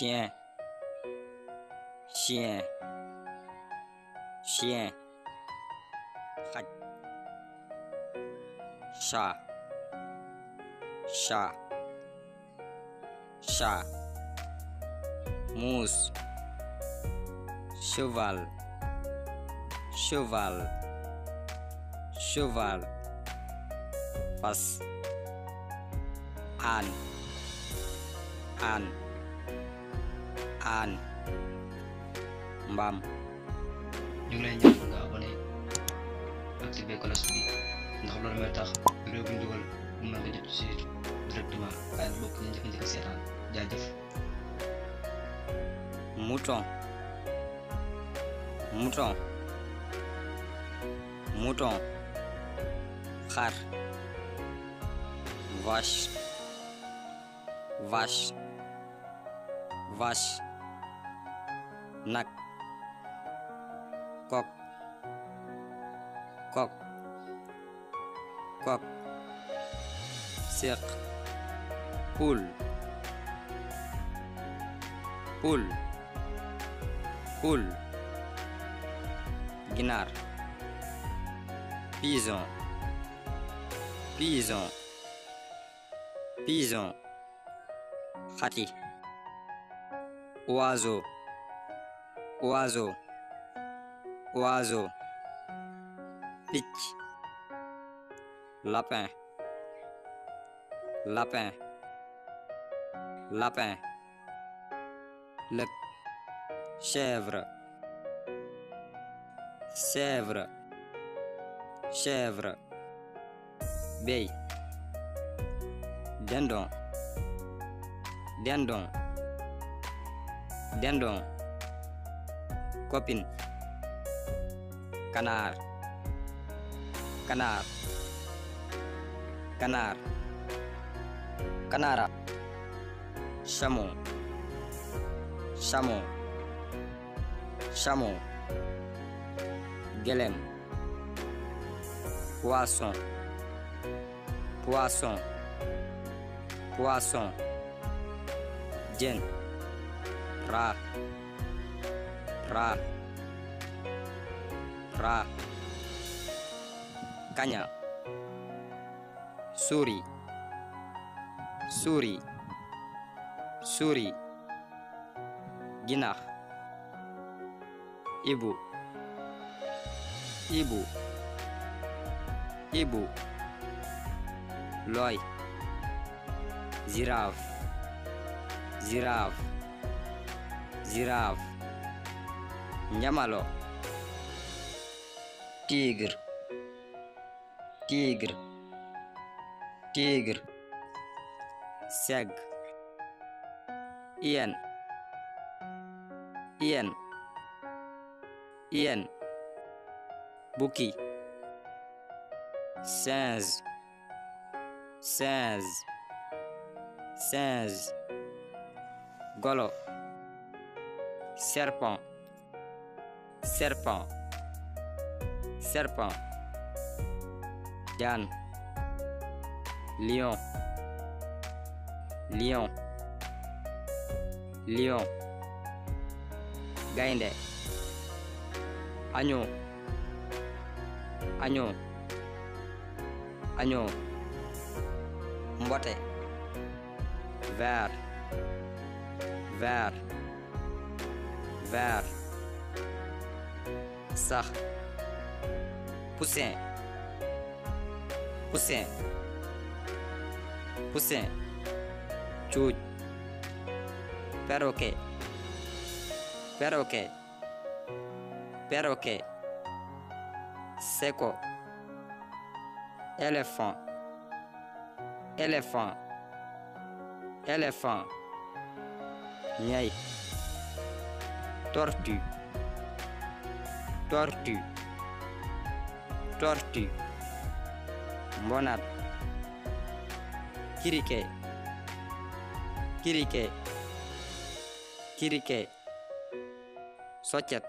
chien chien chien xaj chat muus cheval cheval cheval fas âne âne aan mbaam ñu ngi lay ñaan nga abonné activé cloche ndax loolu tax vidéo bu ñu nga jot ci directement waaye bokk ñu njëkk njëkk seetaan jaajëf mouton mouton mouton xar vache vache vache nag kok kok kok séq poule poule poule ginaar pigeon pigeon pigeon xati oiseau oiseau oiseau picc lapin lapin lapin lëg chèvre chèvre chèvre béy dindon dindon dindon copine canard canard canard canara chameau chameau chameau gëlëm poisson poisson poisson ra ra kaña suri suri suri ginax ibu ibu ibu looy ziraaf ziraaf ziraaf ñamalo tigre tigre tigre segg yen yen yen bukki singe singe singe golo serpent serpent serpent jaan lion lion lion gaynde agneau agneau agneau mbote vert vert vert Pessah Poussin Poussin Poussin Cuuj Perroquet Perroquet Perroquet Seco Éléphant Éléphant Éléphant Ñay Tortue tortue tortue mbonat criquet criquet criquet soccet